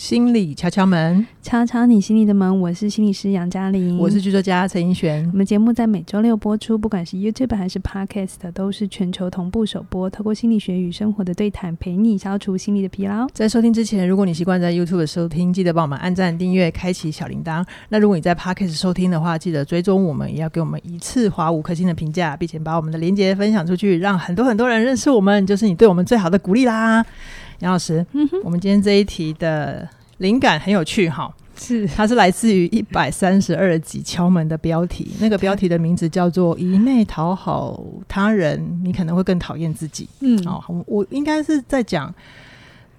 心理敲敲門，敲敲你心裡的門。我是心理師楊嘉玲，我是劇作家陳英璇。我們節目在每週六播出，不管是 YouTube 還是 Podcast，都是全球同步首播。透過心理學與生活的對談，陪你消除心理的疲勞。在收聽之前，如果你習慣在 YouTube 收聽，記得幫我們按讚、訂閱、開啟小鈴鐺。那如果你在 Podcast 收聽的話，記得追蹤我們，也要給我們一次劃五顆星的評價，並且把我們的鏈接分享出去，讓很多很多人認識我們，就是你對我們最好的鼓勵啦。楊老師，嗯、哼我們今天這一題的靈感很有趣哈，是，它是來自於一百三十二集敲門的標題，對那個標題的名字叫做“一昧討好他人，你可能會更討厭自己。”嗯，哦，我我應該是在講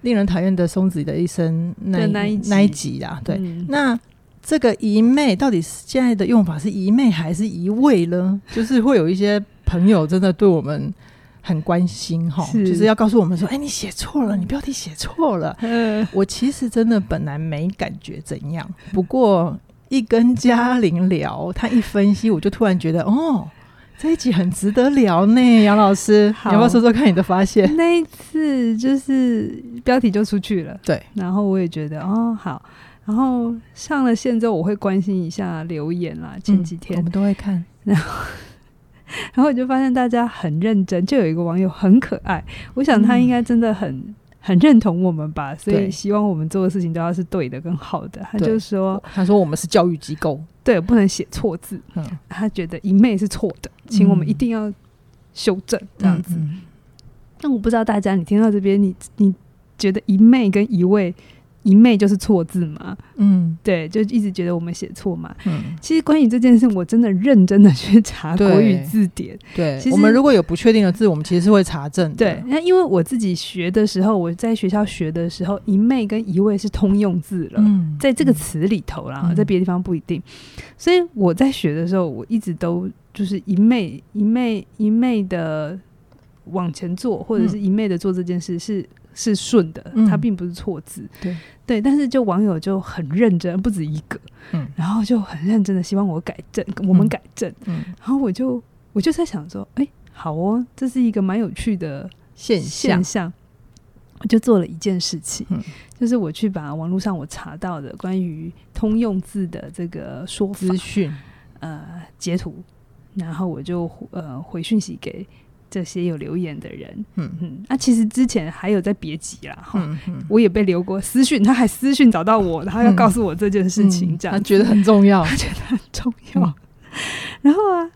令人討厭的松子的一生那一那,一那一集啊，對，嗯、那這個一昧到底是現在的用法是一昧還是一味呢？ 就是會有一些朋友真的對我們。很關心哈，是，就是要告訴我們說：“哎、欸，你寫錯了，你標題寫錯了。”嗯，我其實真的本來沒感覺怎樣，不過一跟嘉玲聊，她一分析，我就突然覺得哦，這一集很值得聊呢。 楊老師，好你要不要說說看你的發現？那一次就是標題就出去了，對。然後我也覺得哦，好。然後上了線之後，我會關心一下留言啦。嗯、前幾天我們都會看。然後……’然後我就發現大家很認真，就有一個網友很可愛，我想他應該真的很、嗯、很認同我們吧，所以希望我們做的事情都要是對的、跟好的。他就說：“他說我們是教育機構，對，不能寫錯字。嗯、他覺得‘一昧’是錯的，請我們一定要修正、嗯、這樣子。嗯嗯、但我不知道大家，你聽到這邊，你你覺得‘一昧’跟‘一味’？”一昧就是錯字嘛，嗯，對，就一直覺得我們寫錯嘛。嗯，其實關於這件事，我真的認真的去查國語字典。對，其實，我們如果有不確定的字，我們其實是會查證。對，那因為我自己學的時候，我在學校學的時候，一昧跟一味是通用字了，嗯、在這個詞裡頭啦，嗯、在別的地方不一定。所以我在學的時候，我一直都就是一昧一昧一昧的往前做，或者是一昧的做這件事是。是順的，它並不是錯字，嗯。對對，但是就網友就很認真，不止一個，嗯，然後就很認真的希望我改正，我們改正。嗯，嗯，然後我就我就在想說，哎，欸，好哦，這是一個蠻有趣的現象現象。我就做了一件事情，嗯，就是我去把網絡上我查到的關於通用字的這個說資訊，嗯，呃截圖，然後我就呃回訊息給這些有留言的人，嗯嗯，那、嗯啊、其實之前還有在別急啦，哈，嗯嗯、我也被留過私訊，他還私訊找到我，然後要告訴我這件事情，講、嗯嗯、覺得很重要，他覺得很重要。嗯、 然後啊，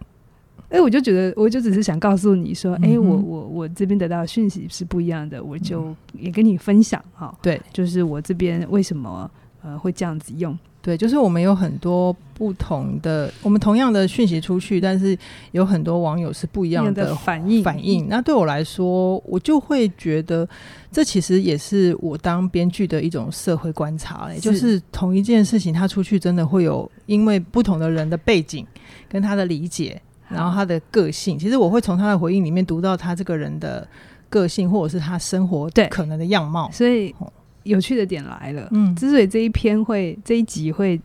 哎、欸，我就覺得，我就只是想告訴你說，哎、嗯哼欸，我我我這邊得到訊息是不一樣的，我就也跟你分享哈。對，嗯、就是我這邊為什麼呃會這樣子用。對，就是我們有很多不同的，我們同樣的訊息出去，但是有很多網友是不一樣的反應。反應。那對我來說，我就會覺得，這其實也是我當編劇的一種社會觀察。哎，就是同一件事情，他出去真的會有，因為不同的人的背景跟他的理解，然後他的個性，其實我會從他的回應裡面讀到他這個人的個性，或者是他生活對可能的樣貌。所以。有趣的點來了，嗯，之所以這一篇會、這一集會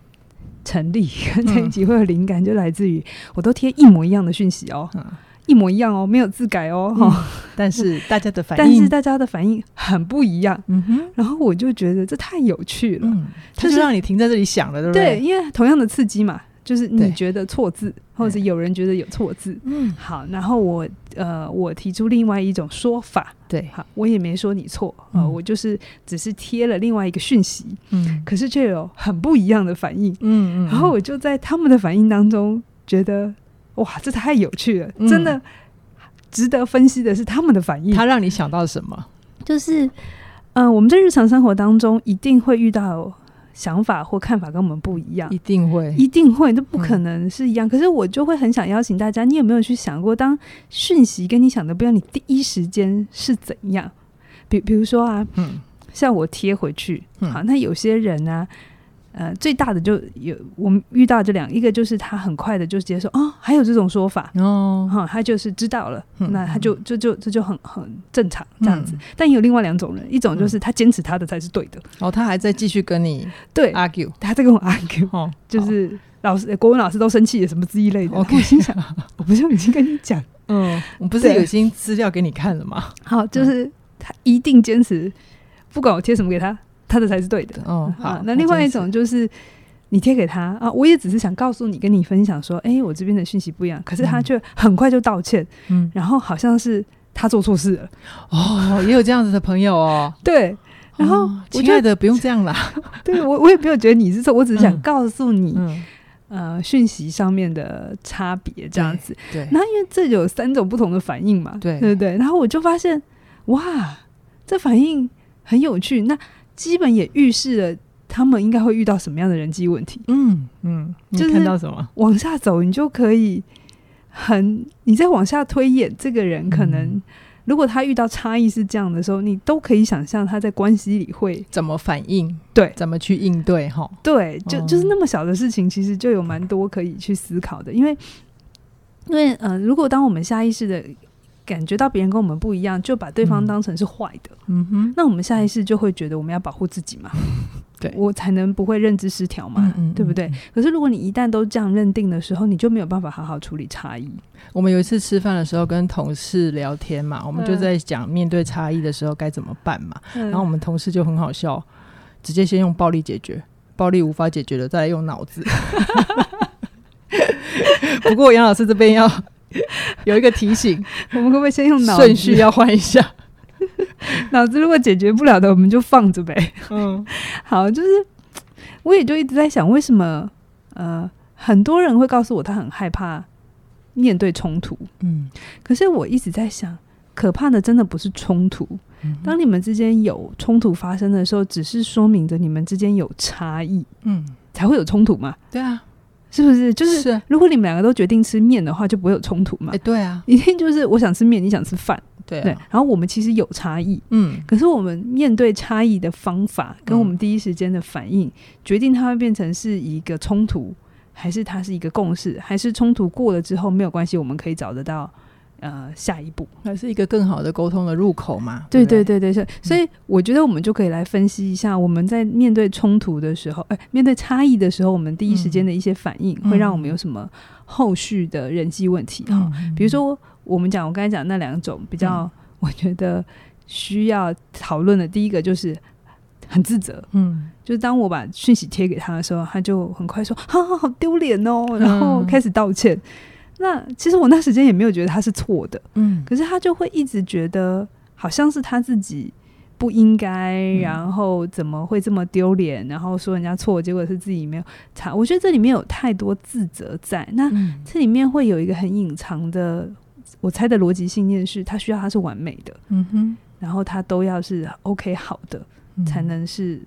成立，嗯、這一集會有靈感，就來自於我都貼一模一樣的訊息哦，嗯、一模一樣哦，沒有自改哦，哈、嗯，哦、但是大家的反應，但是大家的反應很不一樣，嗯哼，然後我就覺得這太有趣了，嗯、就是就讓你停在這裡想了，對不對？對，因為同樣的刺激嘛。就是你覺得錯字，對或者有人覺得有錯字，嗯對，好，然後我呃，我提出另外一種說法，對，好，我也沒說你錯啊、嗯呃，我就是只是貼了另外一個訊息，嗯，可是卻有很不一樣的反應，嗯，嗯嗯，然後我就在他們的反應當中覺得，哇，這太有趣了，嗯、真的值得分析的是他們的反應，他讓你想到什麼？就是，嗯、呃，我們在日常生活當中一定會遇到、哦。想法或看法跟我們不一樣，一定會，一定會，這不可能是一樣。嗯、可是我就會很想邀請大家，你有沒有去想過，當訊息跟你想的不一樣，你第一時間是怎樣？比比如說啊，嗯、像我貼回去，嗯、好，那有些人啊。呃，最大的就有我們遇到這兩，一個就是他很快的就接受，哦，還有這種說法，哦，哈，他就是知道了，那他就就就這就很很正常這樣子。但也有另外兩種人，一種就是他堅持他的才是對的，然後他還在繼續跟你對 argue，他在跟我 argue，哦，就是老師國文老師都生氣了，什麼之一類的。我跟你講，我不是已經跟你講，嗯，我不是已經資料給你看了嗎？好，就是他一定堅持，不管我貼什麼給他。他的才是對的。哦，好。那另外一種就是你貼給他啊，我也只是想告訴你，跟你分享說，誒，我這邊的訊息不一樣，可是他卻很快就道歉。嗯，然後好像是他做錯事了。哦，也有這樣子的朋友哦。對。然後，親愛的，不用這樣啦。對，我，我也沒有覺得你是錯，我只是想告訴你，呃，訊息上面的差別這樣子。對。那因為這有三種不同的反應嘛。對。對對。然後我就發現，哇，這反應很有趣。那基本也預示了他們應該會遇到什麼樣的人際問題。嗯嗯，你看到什麼？往下走，你就可以很，你再往下推演，這個人可能如果他遇到差異是這樣的時候，你都可以想象他在關係裡會怎麼反應，對，怎麼去應對對，嗯，就就是那麼小的事情，其實就有蠻多可以去思考的，因為因為呃，如果當我們下意識的。感覺到別人跟我們不一樣，就把對方當成是壞的。嗯，嗯哼，那我們下意識就會覺得我們要保護自己嘛，對我才能不會認知失調嘛，嗯嗯嗯嗯，對不對？可是如果你一旦都這樣認定的時候，你就沒有辦法好好處理差異。我們有一次吃飯的時候跟同事聊天嘛，我們就在講面對差異的時候該怎麼辦嘛。嗯、然後我們同事就很好笑，直接先用暴力解決，暴力無法解決的再用腦子。 不過楊老師這邊要、嗯。 有一個提醒。 我們可不可以先用腦子，順序要換一下？腦 子如果解決不了的，我們就放着唄。嗯，好，就是我也就一直在想，為什麼呃很多人會告訴我他很害怕面對衝突，嗯，可是我一直在想，可怕的真的不是衝突。嗯嗯。當你們之間有衝突發生的時候，只是說明着你們之間有差異，嗯，才會有衝突嘛。對啊。是不是？就是，是如果你們兩個都決定吃麵的話，就不會有衝突嘛。欸、對啊，一定就是我想吃麵，你想吃飯，對，啊、對。然後我們其實有差異，嗯，可是我們面對差異的方法，跟我們第一時間的反應，嗯、決定它會變成是一個衝突，還是它是一個共識，還是衝突過了之後沒有關係，我們可以找得到。呃，下一步還是一個更好的溝通的入口嘛？對對對對，嗯，所以我覺得我們就可以來分析一下，我們在面對衝突的時候，哎、呃，面對差異的時候，我們第一時間的一些反應，會讓我們有什麼後續的人際問題哈？比如說，我們講我剛才講那兩種比較，我覺得需要討論的，第一個就是很自責，嗯，就是當我把訊息貼給他的時候，他就很快說，啊、好好好丟臉哦，然後開始道歉。嗯那其實我那時間也沒有覺得他是錯的，嗯，可是他就會一直覺得好像是他自己不應該，嗯、然後怎麼會這麼丟臉，然後說人家錯，結果是自己沒有查。我覺得這裡面有太多自責在，那這裡面會有一個很隱藏的，我猜的邏輯信念是，他需要他是完美的，嗯哼，然後他都要是 OK 好的、嗯、才能是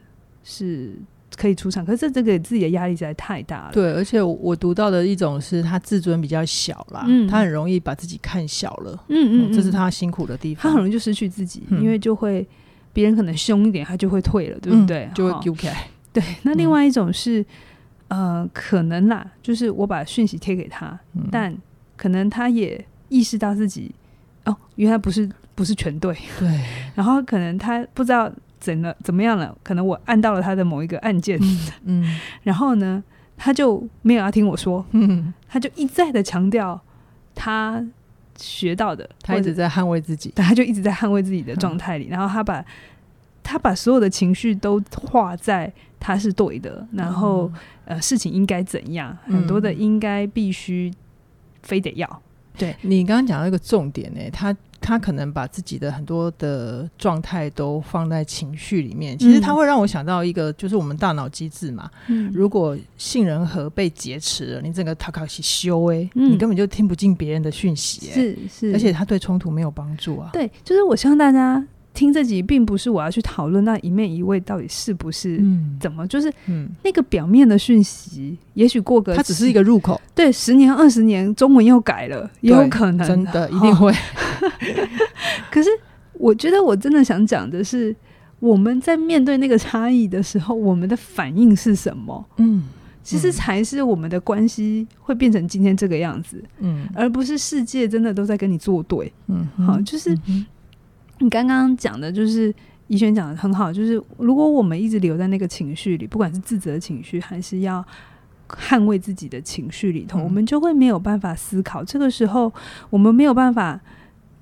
是。可以出場，可是這個自己的壓力實在太大了。對，而且我讀到的一種是他自尊比較小啦，嗯、他很容易把自己看小了。嗯嗯，嗯，嗯，這是他辛苦的地方，他很容易就失去自己，嗯、因為就會別人可能兇一點，他就會退了，對不對？嗯、就會丟開。對，那另外一種是，嗯、呃，可能啦，就是我把訊息貼給他，嗯、但可能他也意識到自己哦，原來不是不是全對，對。然後可能他不知道。怎麼怎麼樣了？可能我按到了他的某一個按鍵，嗯，嗯，然後呢，他就沒有要聽我說，嗯，他就一再的強調他學到的，他一直在捍衛自己，他就一直在捍衛自己的狀態裡，嗯，然後他把，他把所有的情緒都畫在他是對的，然後，嗯，呃，事情應該怎樣，很多的應該必須，嗯，非得要，對你剛剛講到一個重點呢，欸，他。他可能把自己的很多的狀態都放在情緒裡面，其實他會讓我想到一個，嗯、就是我們大腦機制嘛。嗯、如果杏仁核被劫持了，你整個塔卡西修哎，嗯、你根本就聽不進別人的訊息，欸是，是是，而且他對衝突沒有幫助啊。對，就是我希望大家。聽這集並不是我要去討論那一味一昧到底是不是怎麼，就是那個表面的訊息，也許過個它只是一個入口。對，十年二十年，中文又改了，也有可能，真的一定會。可是我覺得我真的想講的是，我們在面對那個差異的時候，我們的反應是什麼？嗯，其實才是我們的關係會變成今天這個樣子。嗯，而不是世界真的都在跟你作對。嗯，好，就是。你剛剛講的，就是宜萱講得很好，就是如果我們一直留在那個情緒裡，不管是自責情緒，還是要捍衛自己的情緒裡頭，嗯、我們就會沒有辦法思考。這個時候，我們沒有辦法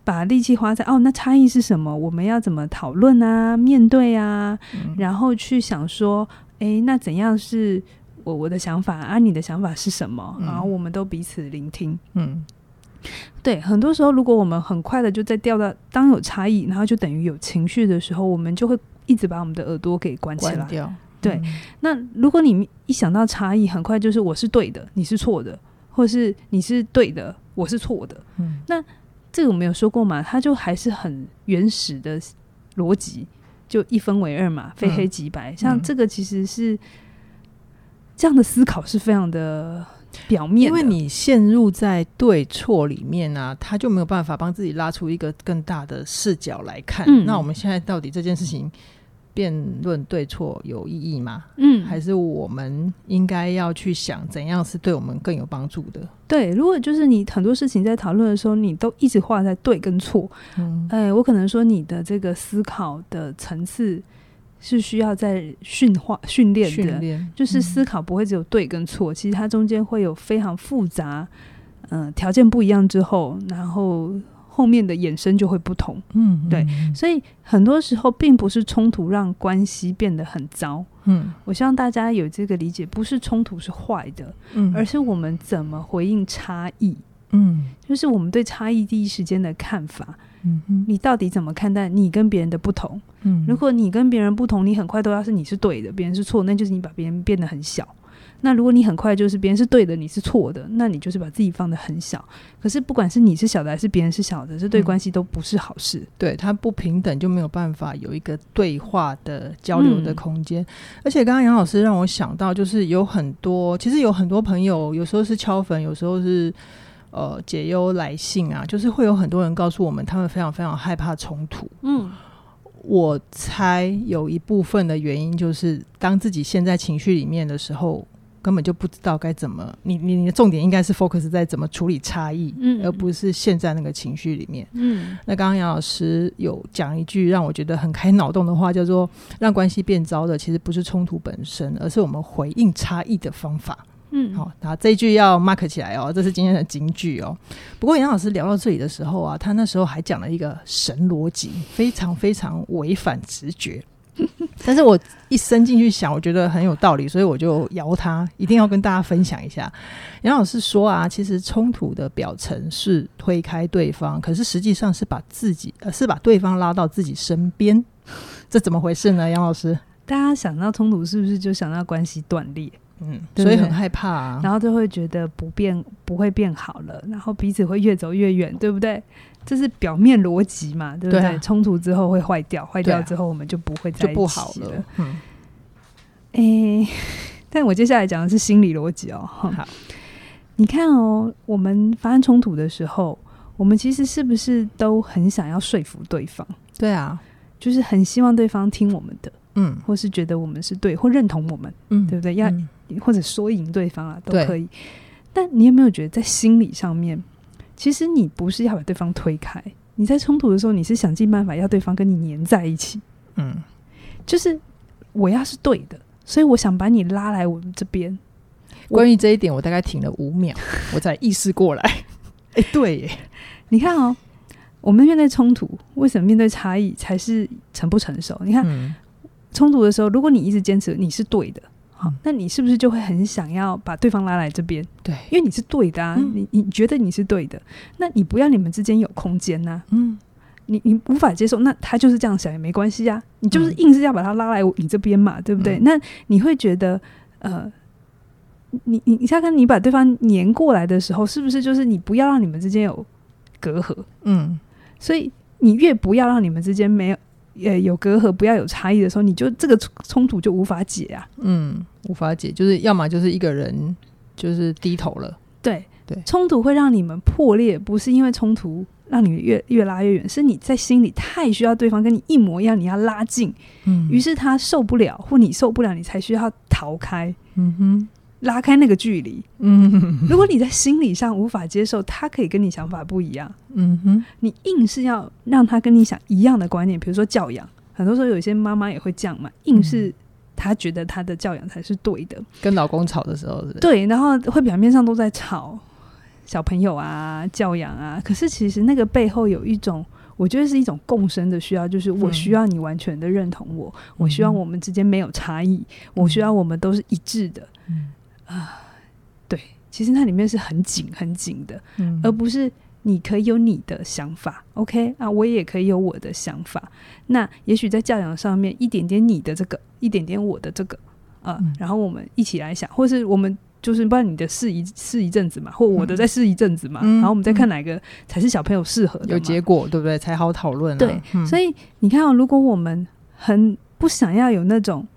把力氣花在哦，那差異是什麼？我們要怎麼討論啊？面對啊？嗯、然後去想說，哎，那怎樣是我我的想法啊？你的想法是什麼？嗯、然後我們都彼此聆聽，嗯。對，很多時候，如果我們很快的就在掉到當有差異，然後就等於有情緒的時候，我們就會一直把我們的耳朵給關起來。關掉。對，嗯、那如果你一想到差異，很快就是我是對的，你是錯的，或是你是對的，我是錯的。嗯、那這個我們有說過嘛，它就還是很原始的邏輯，就一分為二嘛，非黑即白。嗯、像這個其實是這樣的思考是非常的。表面的，因為你陷入在對錯裡面啊，他就沒有辦法幫自己拉出一個更大的視角來看。嗯，那我們現在到底這件事情辯論對錯有意義嗎？嗯，還是我們應該要去想怎樣是對我們更有幫助的？對，如果就是你很多事情在討論的時候，你都一直畫在對跟錯，嗯，哎，呃，我可能說你的這個思考的層次，是需要在馴化、訓練的，訓練，就是思考不會只有對跟錯，嗯、其實它中間會有非常複雜，嗯、呃，條件不一樣之後，然後後面的衍生就會不同，嗯，嗯，嗯，對，所以很多時候並不是衝突讓關係變得很糟，嗯，我希望大家有這個理解，不是衝突是壞的，嗯，而是我們怎麼回應差異，嗯，就是我們對差異第一時間的看法，嗯，嗯，你到底怎麼看待你跟別人的不同？嗯，如果你跟別人不同，你很快都要是你是對的，別人是錯的，那就是你把別人變得很小。那如果你很快就是別人是對的，你是錯的，那你就是把自己放得很小。可是不管是你是小的還是別人是小的，這對關係都不是好事。嗯，對，他不平等就沒有辦法有一個對話的交流的空間。嗯。而且剛剛楊老師讓我想到，就是有很多其實有很多朋友，有時候是敲粉，有時候是呃解憂來信啊，就是會有很多人告訴我們，他們非常非常害怕衝突。嗯。我猜有一部分的原因就是，當自己陷在情緒裡面的時候，根本就不知道該怎麼。你你你的重點應該是 focus 在怎麼處理差異，嗯，而不是陷在那個情緒裡面，嗯。那剛剛楊老師有講一句讓我覺得很開腦洞的話，叫做“讓關係變糟的其實不是衝突本身，而是我們回應差異的方法”。嗯，好、哦，那、啊、這一句要 mark 起來哦，這是今天的金句哦。不過楊老師聊到這裡的時候啊，他那時候還講了一個神邏輯，非常非常違反直覺， 但是我一深進去想，我覺得很有道理，所以我就邀他，一定要跟大家分享一下。楊老師說啊，其實衝突的表層是推開對方，可是實際上是把自己呃是把對方拉到自己身邊， 這怎麼回事呢？楊老師，大家想到衝突是不是就想到關係斷裂？嗯，對對，所以很害怕啊。然後就會覺得不變不會變好了，然後彼此會越走越遠，對不對？這是表面邏輯嘛，對不對？對啊、衝突之後會壞掉，壞掉之後我們就不會再、啊、就不好了。嗯、欸，但我接下來講的是心理邏輯哦。嗯、你看哦，我們發生衝突的時候，我們其實是不是都很想要說服對方？對啊，就是很希望對方聽我們的，嗯，或是覺得我們是對，或認同我們，嗯，對不對？要、嗯。或者說贏對方啊，都可以。對但你有沒有覺得，在心理上面，其實你不是要把對方推開，你在衝突的時候，你是想盡辦法要對方跟你粘在一起。嗯，就是我要是對的，所以我想把你拉來我們這邊。關於這一點，我大概停了五秒， 我才意識過來。哎、欸，對耶， 你看哦、喔，我們面對衝突，為什麼面對差異才是成不成熟？你看，衝、嗯、突的時候，如果你一直堅持你是對的，那你是不是就會很想要把對方拉來這邊？對，因為你是對的啊，你、嗯、你覺得你是對的，那你不要你們之間有空間吶、啊。嗯，你你無法接受，那他就是這樣想也沒關係啊，你就是硬是要把他拉來你這邊嘛，對不對？嗯、那你會覺得呃，你你你看看你把對方粘過來的時候，是不是就是你不要讓你們之間有隔閡？嗯，所以你越不要讓你們之間沒有。也、欸、有隔閡，不要有差異的時候，你就這個衝突就無法解啊。嗯，無法解，就是要麼就是一個人就是低頭了。對對，衝突會讓你們破裂，不是因為衝突讓你們越越拉越遠，是你在心裡太需要對方跟你一模一樣，你要拉近，嗯，於是他受不了或你受不了，你才需要逃開。嗯哼。拉開那個距離，嗯呵呵呵。如果你在心理上無法接受，他可以跟你想法不一樣，嗯哼。你硬是要讓他跟你想一樣的觀念，比如說教養，很多時候有一些媽媽也會這樣嘛，硬是她覺得她的教養才是對的。跟老公吵的時候是不是？對，然後會表面上都在吵，小朋友啊，教養啊，可是其實那個背後有一種，我覺得是一種共生的需要，就是我需要你完全的認同我，嗯、我需要我們之間沒有差異，嗯、我需要我們都是一致的，嗯。啊，對，其實那裡面是很緊很緊的，嗯、而不是你可以有你的想法，OK 啊，我也可以有我的想法。那也許在教養上面，一點點你的這個，一點點我的這個，啊，嗯、然後我們一起來想，或是我們就是把你的試一試一陣子嘛，或我的再試一陣子嘛，嗯、然後我們再看哪個才是小朋友適合的，有結果對不對？才好討論。對，嗯、所以你看啊，如果我們很不想要有那種。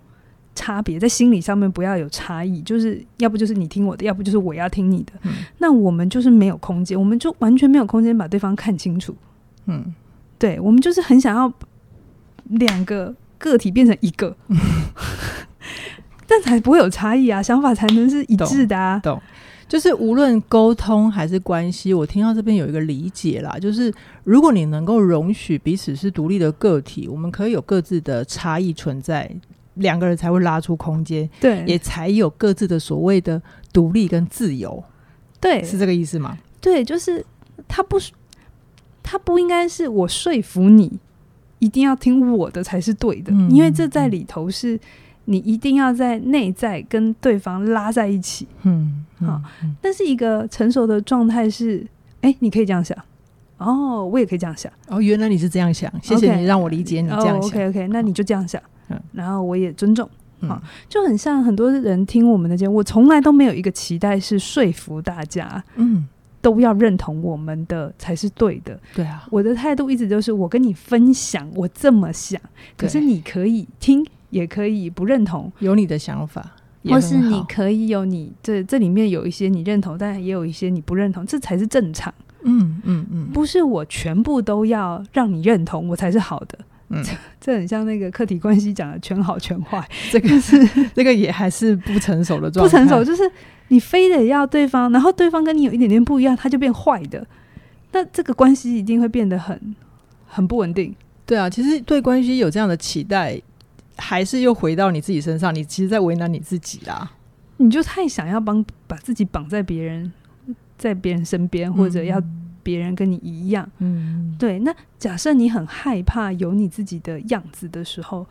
差別在心理上面不要有差異，就是要不就是你聽我的，要不就是我要聽你的。嗯、那我們就是沒有空間，我們就完全沒有空間把對方看清楚。嗯，對，我們就是很想要兩個個體變成一個，這、嗯、 才不會有差異啊，想法才能是一致的啊。懂，懂，就是無論溝通還是關係，我聽到這邊有一個理解啦，就是如果你能夠容許彼此是獨立的個體，我們可以有各自的差異存在。兩個人才會拉出空間，對，也才有各自的所謂的獨立跟自由，對，是這個意思嗎？對，就是他不，他不應該是我說服你一定要聽我的才是對的，嗯、因為這在裡頭是你一定要在內在跟對方拉在一起，嗯，好、嗯，哦嗯、但是一個成熟的狀態是、欸，你可以這樣想，哦，我也可以這樣想，哦，原來你是這樣想，okay, 謝謝你讓我理解你這樣想，哦，OK，OK，okay, okay, 那你就這樣想。哦嗯、然後我也尊重，啊、嗯，就很像很多人聽我們的節目，我從來都沒有一個期待是說服大家，嗯，都要認同我們的才是對的，對啊、嗯。我的態度一直就是我跟你分享，我這麼想，對可是你可以聽，也可以不認同，有你的想法，或是你可以有你這這裡面有一些你認同，但也有一些你不認同，這才是正常。嗯嗯嗯，嗯嗯不是我全部都要讓你認同，我才是好的。嗯，這很像那個客體關係講的全好全壞，這個是、就是、這個也還是不成熟的狀態。不成熟就是你非得要對方，然後對方跟你有一點點不一樣，他就變壞的，那這個關係一定會變得很很不穩定。對啊，其實對關係有這樣的期待，還是又回到你自己身上，你其實在為難你自己啦。你就太想要幫把自己綁在別人，在別人身邊，或者要、嗯。別人跟你一樣，嗯，對。那假設你很害怕有你自己的樣子的時候，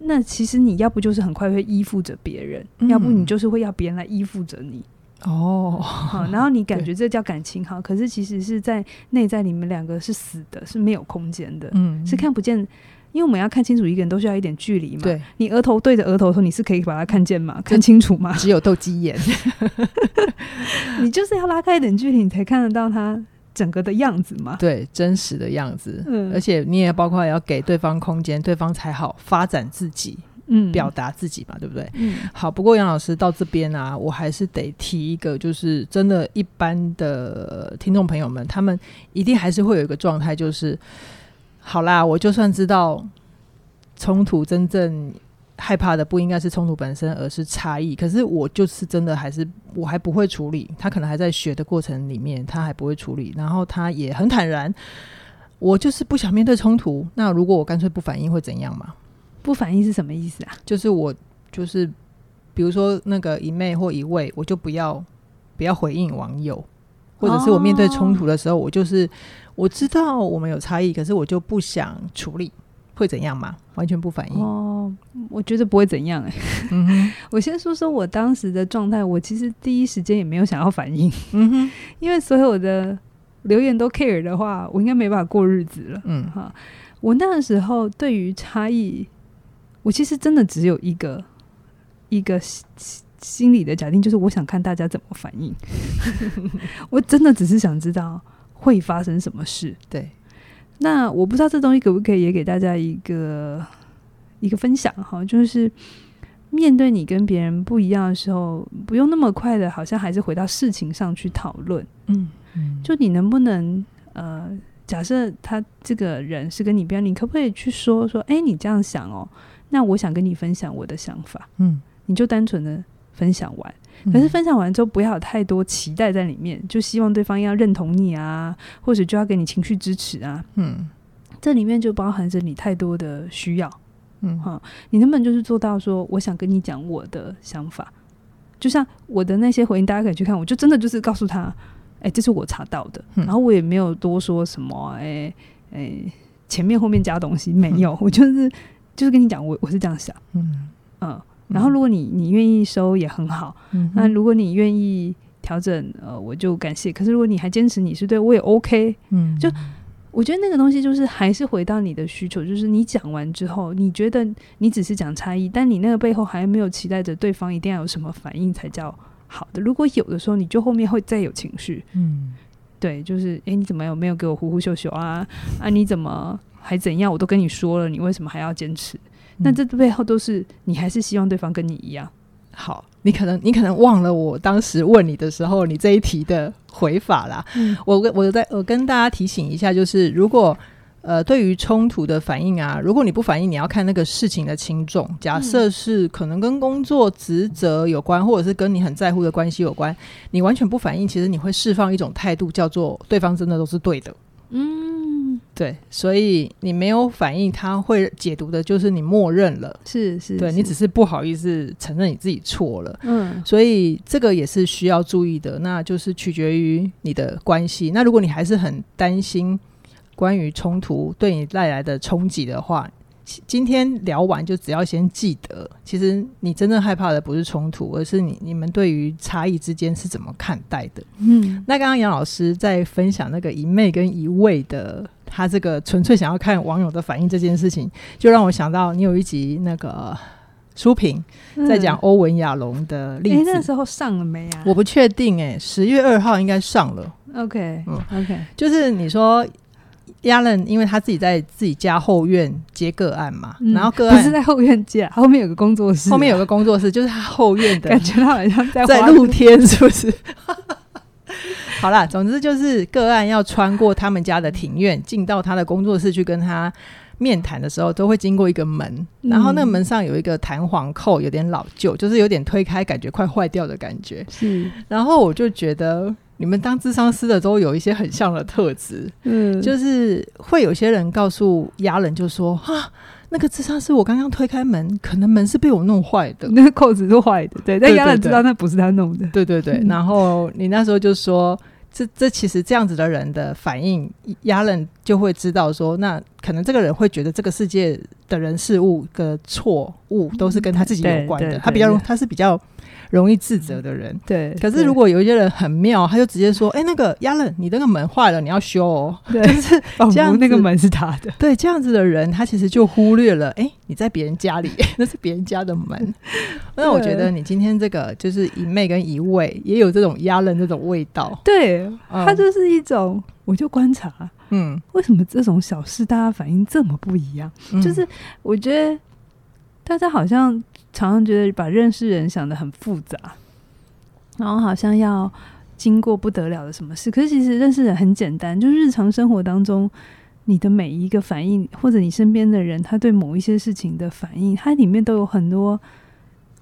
那其實你要不就是很快會依附着別人，嗯、要不你就是會要別人來依附着你。哦，好、嗯，然後你感覺這叫感情好，對可是其實是在內在你們兩個是死的，是沒有空間的，嗯，嗯，是看不見。因為我們要看清楚一個人，都需要一點距離嘛。對，你額頭對着額頭的時候，你是可以把它看見嗎？就看清楚嗎？只有鬥雞眼。 你就是要拉開一點距離，你才看得到他，整個的樣子嘛，對，真實的樣子，嗯，而且你也包括要給對方空間，對方才好發展自己，嗯，表達自己嘛，對不對？嗯，好，不過楊老師到這邊啊，我還是得提一個，就是真的，一般的聽眾朋友們，他們一定還是會有一個狀態，就是好啦，我就算知道衝突真正。害怕的不應該是衝突本身，而是差異。可是我就是真的還是我還不會處理，他可能還在學的過程裡面，他還不會處理。然後他也很坦然，我就是不想面對衝突。那如果我乾脆不反應會怎樣嘛？不反應是什麼意思啊？就是我就是比如說那個一味或一昧，我就不要不要回應網友，或者是我面對衝突的時候，哦、我就是我知道我們有差異，可是我就不想處理。會怎樣嗎？完全不反應哦。我覺得不會怎樣哎、欸。嗯、哼我先說說我當時的狀態，我其實第一時間也沒有想要反應。嗯、哼因為所有的留言都 care 的話，我應該沒辦法過日子了。嗯哈，我那個時候對於差異，我其實真的只有一個一個心理的假定，就是我想看大家怎麼反應。嗯、我真的只是想知道會發生什麼事。對。那我不知道這東西可不可以也給大家一個一個分享哈，就是面對你跟別人不一樣的時候，不用那麼快的，好像還是回到事情上去討論，嗯，嗯，就你能不能呃，假設他這個人是跟你不一樣，你可不可以去說說，哎，欸，你這樣想哦，那我想跟你分享我的想法，嗯，你就單純的分享完。可是分享完之後，不要有太多期待在裡面，嗯、就希望對方要認同你啊，或者就要給你情緒支持啊。嗯，這裡面就包含着你太多的需要。嗯，哈、啊，你能不能就是做到說，我想跟你講我的想法，就像我的那些回應，大家可以去看，我就真的就是告訴他，哎、欸，這是我查到的，嗯、然後我也沒有多說什麼，哎、欸、哎、欸，前面後面加東西、嗯、沒有，我就是就是跟你講，我我是這樣想。嗯嗯。嗯然後，如果你你願意收也很好。嗯哼，那如果你願意調整，呃，我就感謝。可是，如果你還堅持你是對，我也 OK。嗯，就我覺得那個東西就是還是回到你的需求，就是你講完之後，你覺得你只是講差異，但你那個背後還沒有期待着對方一定要有什麼反應才叫好的。如果有的時候，你就後面會再有情緒。嗯，對，就是哎，你怎麼有沒有給我呼呼秀秀啊？啊，你怎麼還怎樣？我都跟你說了，你為什麼還要堅持？但這背後都是你還是希望對方跟你一樣？嗯。好，你可能你可能忘了我當時問你的時候，你這一題的回法啦。嗯。我我在我跟大家提醒一下，就是如果呃對於衝突的反應啊，如果你不反應，你要看那個事情的輕重。假設是可能跟工作職責有關，或者是跟你很在乎的關係有關，你完全不反應，其實你會釋放一種態度，叫做對方真的都是對的。嗯。對，所以你沒有反應，他會解讀的，就是你默認了，是，是是，對，你只是不好意思承認你自己錯了，嗯，所以這個也是需要注意的，那就是取決於你的關係。那如果你還是很擔心關於衝突對你帶來的衝擊的話，今天聊完就只要先記得，其實你真正害怕的不是衝突，而是你你們對於差異之間是怎麼看待的。嗯，那剛剛楊老師在分享那個一昧跟一味的。他這個純粹想要看網友的反應這件事情，就讓我想到你有一集那個書評、嗯、在講歐文亞隆的例子、欸、那時候上了沒啊？我不確定哎、欸，十月二號應該上了。OK，OK，Okay, okay.、嗯、就是你說亞倫，因為他自己在自己家後院接個案嘛，嗯、然後個案不是在後院接、啊，後面有個工作室、啊，後面有個工作室，就是他後院的 感覺，他好像在在露天，是不是？ 好啦，總之就是個案要穿過他們家的庭院，進、嗯、到他的工作室去跟他面談的時候，都會經過一個門，然後那個門上有一個彈簧扣，有點老舊，就是有點推開感覺快壞掉的感覺。是，然後我就覺得你們當諮商師的都有一些很像的特質，嗯，就是會有些人告訴亞人就說：“哈、啊，那個諮商師，我剛剛推開門，可能門是被我弄壞的，那個扣子是壞的。”對，但亞人知道那不是他弄的。對對，對對對。然後你那時候就說。 這這其實這樣子的人的反應，壓人就會知道說，那可能這個人會覺得這個世界的人事物的錯誤都是跟他自己有關的，嗯、他比較，他是比較。容易自責的人，嗯、對。可是如果有一些人很妙，他就直接說：“哎對、欸，那個壓了你那個門壞了，你要修哦。”對，就是哦，那個門是他的，對這樣子的人，他其實就忽略了。哎、欸，你在別人家裡， 那是別人家的門。那對我覺得你今天這個就是一昧跟一味，也有這種壓了那種味道。對，他、嗯、就是一種，我就觀察，嗯，為什麼這種小事大家反應這麼不一樣？嗯、就是我覺得。大家好像常常覺得把認識人想得很複雜，然後好像要經過不得了的什麼事。可是其實認識人很簡單，就是日常生活當中你的每一個反應，或者你身邊的人，他對某一些事情的反應，它裡面都有很多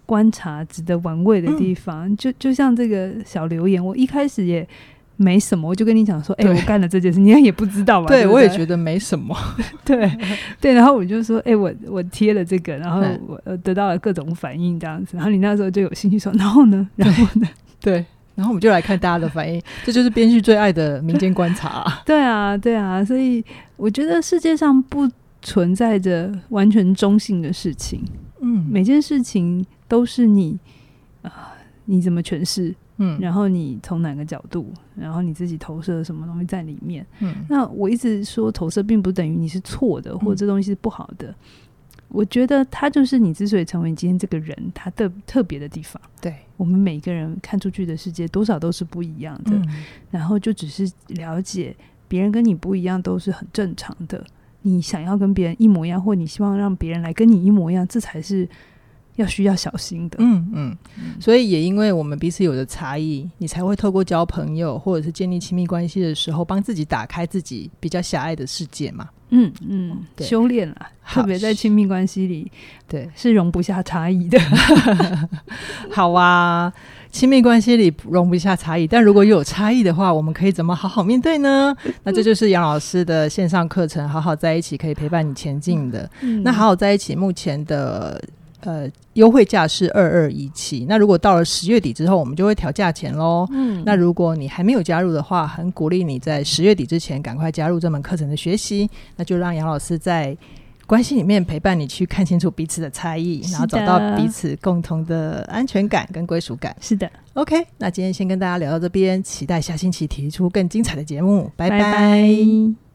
觀察值得玩味的地方。嗯、就就像這個小留言，我一開始也。沒什麼，我就跟你講說，哎對、欸，我幹了這件事，你也不知道吧？對，對對，我也覺得沒什麼。 對 對，然後我就說，哎、欸，我我貼了這個，然後我得到了各種反應，這樣子。嗯、然後你那時候就有興趣說，然後呢？然後呢？對，對，然後我們就來看大家的反應， 這就是編劇最愛的民間觀察啊。 對啊，對啊，所以我覺得世界上不存在着完全中性的事情。嗯，每件事情都是你啊、呃，你怎麼詮釋？嗯，然後你從哪個角度，然後你自己投射什麼東西在裡面？嗯，那我一直說投射並不等於你是錯的，或這東西是不好的。嗯，我覺得它就是你之所以成為今天這個人，它的特別的地方。對。我們每個人看出去的世界，多少都是不一樣的。嗯，然後就只是了解別人跟你不一樣，都是很正常的。你想要跟別人一模一樣，或你希望讓別人來跟你一模一樣，這才是。要需要小心的，嗯嗯，所以也因為我們彼此有着差異，你才會透過交朋友或者是建立親密關係的時候，幫自己打開自己比較狹隘的世界嘛，嗯嗯，對，修煉啊，特別在親密關係裡，對，是容不下差異的，對 好啊，親密關係裡容不下差異，但如果有差異的話，我們可以怎麼好好面對呢？那這就是楊老師的線上課程《好好在一起》可以陪伴你前進的，嗯、那《好好在一起》目前的。呃，優惠價是二二一七。那如果到了十月底之後，我們就會調價錢嘍。嗯，那如果你還沒有加入的話，很鼓勵你在十月底之前趕快加入這門課程的學習。那就讓楊老師在關係裡面陪伴你，去看清楚彼此的差異，然後找到彼此共同的安全感跟歸屬感。是的，OK。那今天先跟大家聊到這邊，期待下星期提出更精彩的節目。拜拜。Bye bye